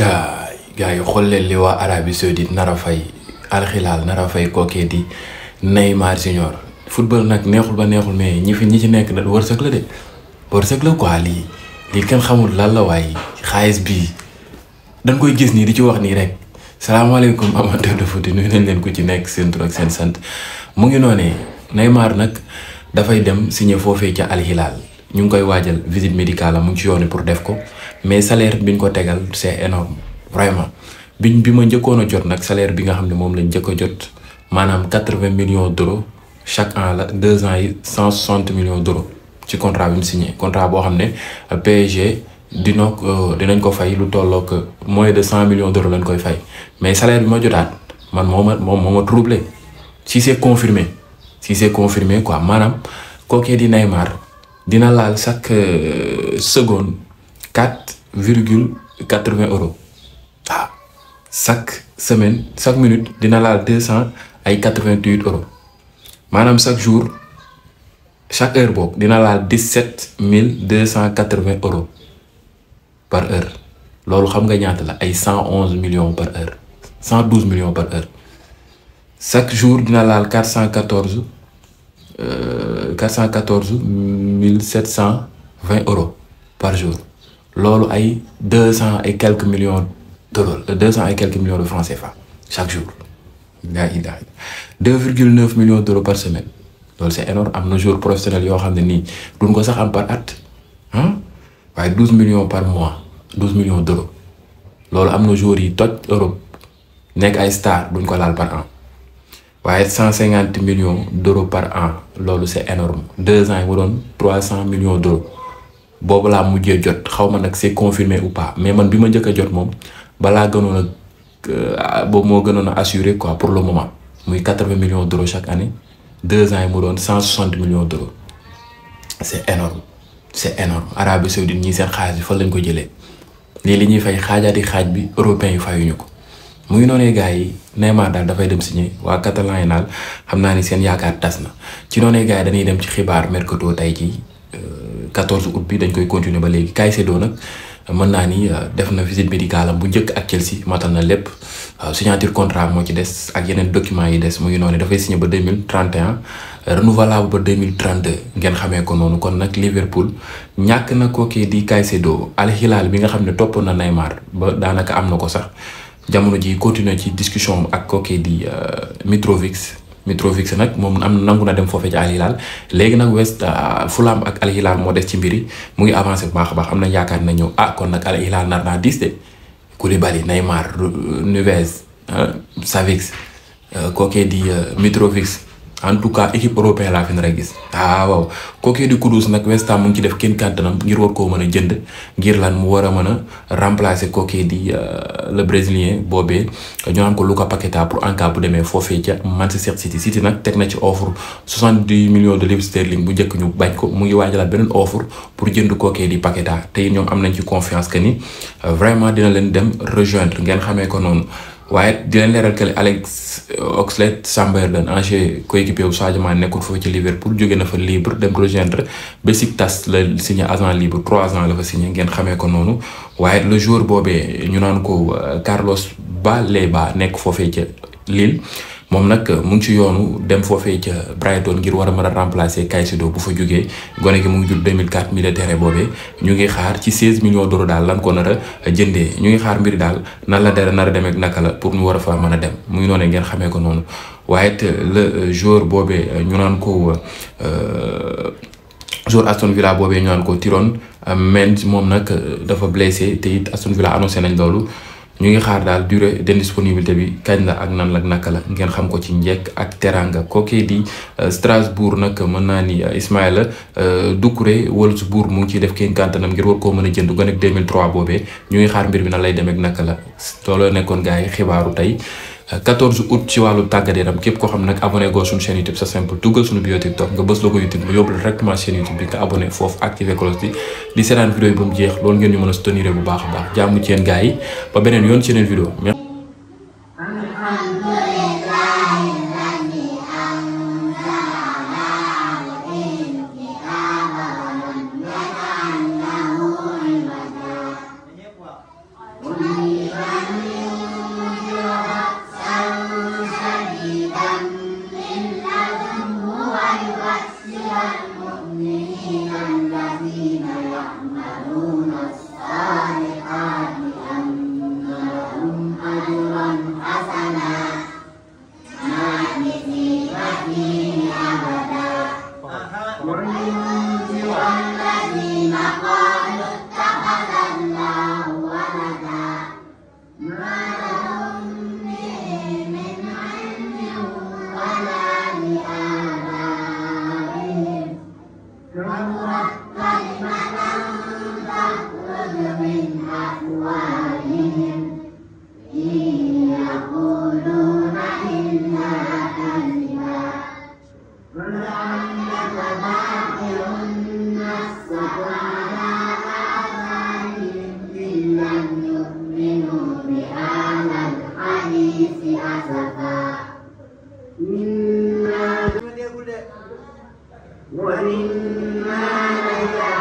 waay gars yi xool leen li waa Arabie Saoudite nara fay Al nara nar a fay kookee di Neymar Junior football nag neexul ba neexul mais ñi fi ñi ci nekk nag wërsëg la de wërsëg la ko quoi yi lii kenn xamul lan la waaye xaalis bi dañ koy gis nii di ci wax nii rek salaamaaleykum amateur de foot nuyu nañ leen ko ci nekk seen tur seen sant mu ngi noonee Neymar nag dafay dem signé foofee ca Al ñu ngi koy waajal visite médicale am mu ngi ci yoon pour def ko. mais salaire bi ñu ko tegal c'est énorme vraiment biñ bi ma njëkkoon a jot nag salaire bi nga xam ne moom lañ njëkk jot maanaam quatre vingt million d'euros chaque an la deux ans yi cent soixante millions d'euros ci contrat bi mu signé contrat boo xam ne PSG dina ko fay lu tollook moins de cent millions d'euros lañ koy fay mais salaire bi ma jotaat man moo ma moom moo ma troublé si c'est confirmé si c'est confirmé quoi maanaam kookee di Neymar dina laal chaque euh, seconde. quatre virgule quatre vingt euros waaw ah. chaque semaine chaque minute dina laal deux cent ay quatre vingt huit euros maanaam chaque jour chaque heure boobu dina laal dix sept mille deux cent quatre vingt euros par heure loolu xam nga ñaata la ay cent onze millions par heure cent douze millions par heure chaque jour dina laal quatre cent quatorze euh, quatre cent quatorze mille sept cent vingt euros par jour. loolu ay deux cent ay quelques millions euh, d'euros cent et quelques millions de francs fa chaque jour daa i daa deux virgule neuf millions d'euros par semaine loolu c'est énorme am na jour professionnel yoo xam ne nii duñ ko sax am par at ah waaye douze millions par mois douze millions d'euros loolu am na jour yi toj Europe nekk ay star duñ ko laal par an waaye cent cinquante millions d'euros par an loolu c'est énorme deux ans yi mu doon trois cent millions d'euros boobu laa mujjee jot xaw ma nag c'est confirmé ou pas mais man bi ma njëkk jot moom balaa gënoon a euh, boobu moo gënoon a assuré quoi pour le moment muy quatre-vingts millions d'euros chaque année deux ans yi mu doon cent soixante millions d'euros c'est énorme c'est énorme Arabie Saoudite ñii seen xaalis bi fan lañ ko jëlee lii li ñuy fay xaajaati xaaj bi européens yi fayuñu ko mu ngi noonee gars yi Neymar daal dafay dem si signé waa Catalan yi naa xam naa ni seen yaakaar tas na ci noonee gars yi dañuy dem ci xibaar mercato tey ci 14 août bi dañ koy continuer ba léegi Caicedo nag mën naa ni euh, def na visite médicale bu njëkk ak Chelsea matal na lépp signature contrat moo ci des ak yeneen documents yi des mu ngi noonu dafay signé ba 2031 euh, renouvelable ba 2032 ngeen xamee ko noonu kon nag Liverpool ñàkk na kookee di Caicedo Al Hilal bi nga xam ne topp na Neymar ba daanaka am na ko sax jamono ji continuer ci discussion ak kookee di euh, Mitrovic Mitrovic nag moom am nangu na dem foofee ci Al Hilal léegi nag West ah, fulaam ak Al Hilal moo des ci mbir yi mu ngi avancé bu baax a baax am nañ yaakaar na ñëw ah kon nag Al Hilal nar naa diis de Koulibaly Neymar Neves ah, Savic euh, kookee di euh, Mitrovic en tout cas équipe européenne laa fi nar a gis ah waaw kookee di Kudus nag West mu ngi ci def kenn kàttanam ngir war koo mën a jënd ngir lan mu war a mën a remplacer kookee di euh, le brésilien boobee ñu naan ko Luca Paqueta pour en cas bu demee foofee ca Manchester City City nag teg na ci offre soixante-dix millions de livres sterling bu njëkk ñu bañ ko mu ngi waajalaat beneen offre pour jënd kookee di Paqueta te ñoom am nañ ci confiance que ni euh, vraiment dina leen dem rejoindre ngeen xamee ko noonu. waaye di leen leeral que Alex oxlade de ancien coéquipier bu Sadio Mané nekkul foofu ci Liverpool jóge na fa libre dem rejoindre Besiktas la signé agent libre trois ans la fa signé ngeen xamee ko noonu waaye le jour boobee ñu naan ko euh, Carlos Baleba nekk foofee ca Lille. moom nag mu ngi ci yoonu dem foofee ca Brighton ngir war a mën a remplacer Caicedo bu fa jógee gone gi mu ngi jur 2004 militaire boobee ñu ngi xaar ci 16 millions d'euros daal lan ko nar a jëndee ñu ngi xaar mbir daal nan la dara nar a demee naka la pour ñu war a fa man a dem mu ngi noonu ngeen xamee ko noonu waaye it le joueur boobee ñu naan ko euh, joueur Aston Villa boobee ñu naan ko Tyrone Mings moom nag euh, dafa blessé te it Aston Villa annoncé nañ loolu. ñu ngi xaar daal durée d'indisponibilité bi kañ la ak nan la naka la ngeen xam ko ci njekk ak teranga kookee di euh, Strasbourg nag mën naa ni euh, Ismaïla euh, Doucouré Wolfsburg mu ngi ciy def kenn kàntanam ngir war koo mën a jënd gone ak 2003 boobee ñu ngi xaar mbir mi na lay demee ak naka la looloo nekkoon gars yi xibaaru tey 14 août ci wàllu tàggat yaram képp koo xam nag abonné goo suñu chaîne YouTube c'est simple duggal suñu bio TikTok nga bës logo YouTube mu yóbbu la directement chaîne YouTube bi nga abonné foofu activé cloche bi di seetaan yi ba mu jeex loolu ngeen ñu mën a soutenir bu baax a baax jàmm ci yéen yi ba beneen yoon ci yeneen vidéo Amin. وإنا لك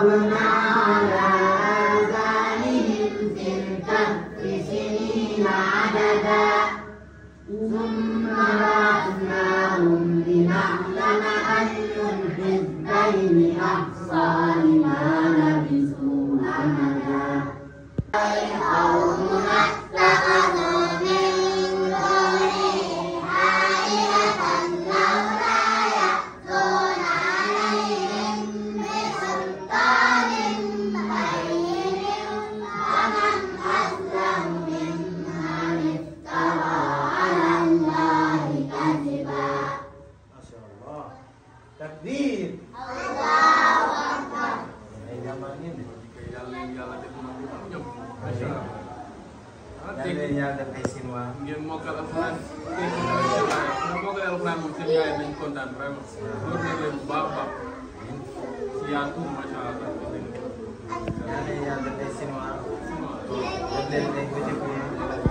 All around. dégg nga yàlla def ay Sinois. ngeen mokkal alxuraan dégg nga moom mokkal alxuraan moom seen yaay nañ kontaan vraiment. loolu dégg leen bu baax a baax. si yaatu macha allah. yàlla yàlla def ay Sinois. def leen ay